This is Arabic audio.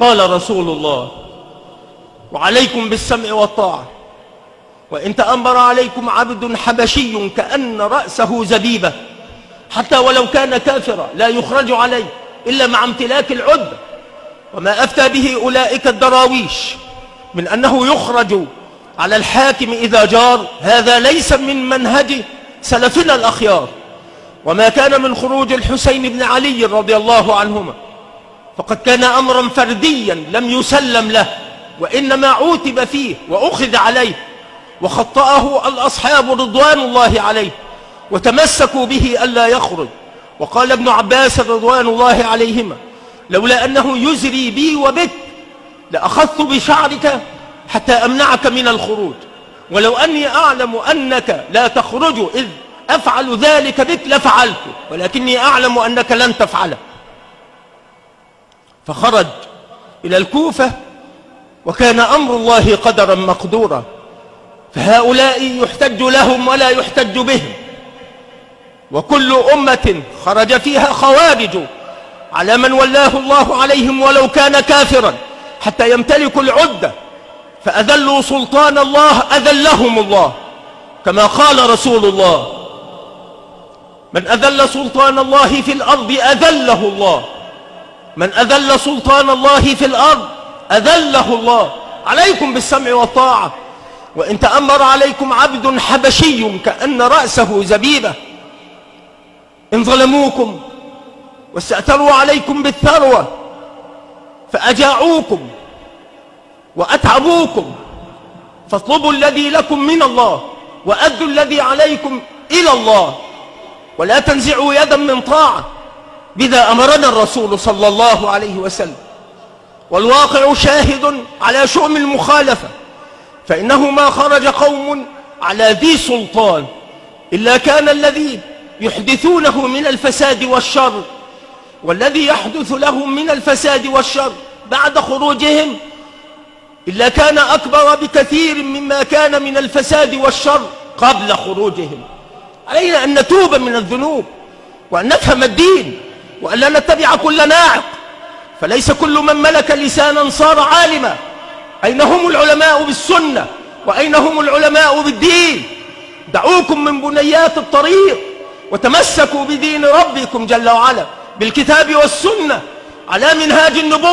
قال رسول الله وعليكم بالسمع والطاعة وإن تأمر عليكم عبد حبشي كأن رأسه زبيبة حتى ولو كان كافرا لا يخرج عليه إلا مع امتلاك العدة وما أفتى به أولئك الدراويش من أنه يخرج على الحاكم إذا جار هذا ليس من منهج سلفنا الأخيار وما كان من خروج الحسين بن علي رضي الله عنهما فقد كان أمرا فرديا لم يسلم له وإنما عوتب فيه وأخذ عليه وخطأه الأصحاب رضوان الله عليه وتمسكوا به ألا يخرج وقال ابن عباس رضوان الله عليهما لولا أنه يزري بي وبك لأخذت بشعرك حتى أمنعك من الخروج ولو أني أعلم أنك لا تخرج إذ أفعل ذلك بك لفعلته ولكني أعلم أنك لن تفعله فخرج إلى الكوفة وكان أمر الله قدرا مقدورا فهؤلاء يحتج لهم ولا يحتج بهم وكل أمة خرج فيها خوارج على من ولاه الله عليهم ولو كان كافرا حتى يمتلكوا العدة فأذلوا سلطان الله أذلهم الله كما قال رسول الله من أذل سلطان الله في الأرض أذله الله من أذل سلطان الله في الأرض أذله الله عليكم بالسمع والطاعة وإن تأمر عليكم عبد حبشي كأن رأسه زبيبة إن ظلموكم واستأثروا عليكم بالثروة فأجاعوكم وأتعبوكم فاطلبوا الذي لكم من الله وأدوا الذي عليكم إلى الله ولا تنزعوا يدا من طاعة بذا أمرنا الرسول صلى الله عليه وسلم والواقع شاهد على شؤم المخالفة فإنه ما خرج قوم على ذي سلطان إلا كان الذي يحدثونه من الفساد والشر والذي يحدث لهم من الفساد والشر بعد خروجهم إلا كان أكبر بكثير مما كان من الفساد والشر قبل خروجهم علينا أن نتوب من الذنوب وأن نفهم الدين وألا نتبع كل ناعق فليس كل من ملك لسانا صار عالما أين هم العلماء بالسنة وأين هم العلماء بالدين دعوكم من بنيات الطريق وتمسكوا بدين ربكم جل وعلا بالكتاب والسنة على منهاج النبوة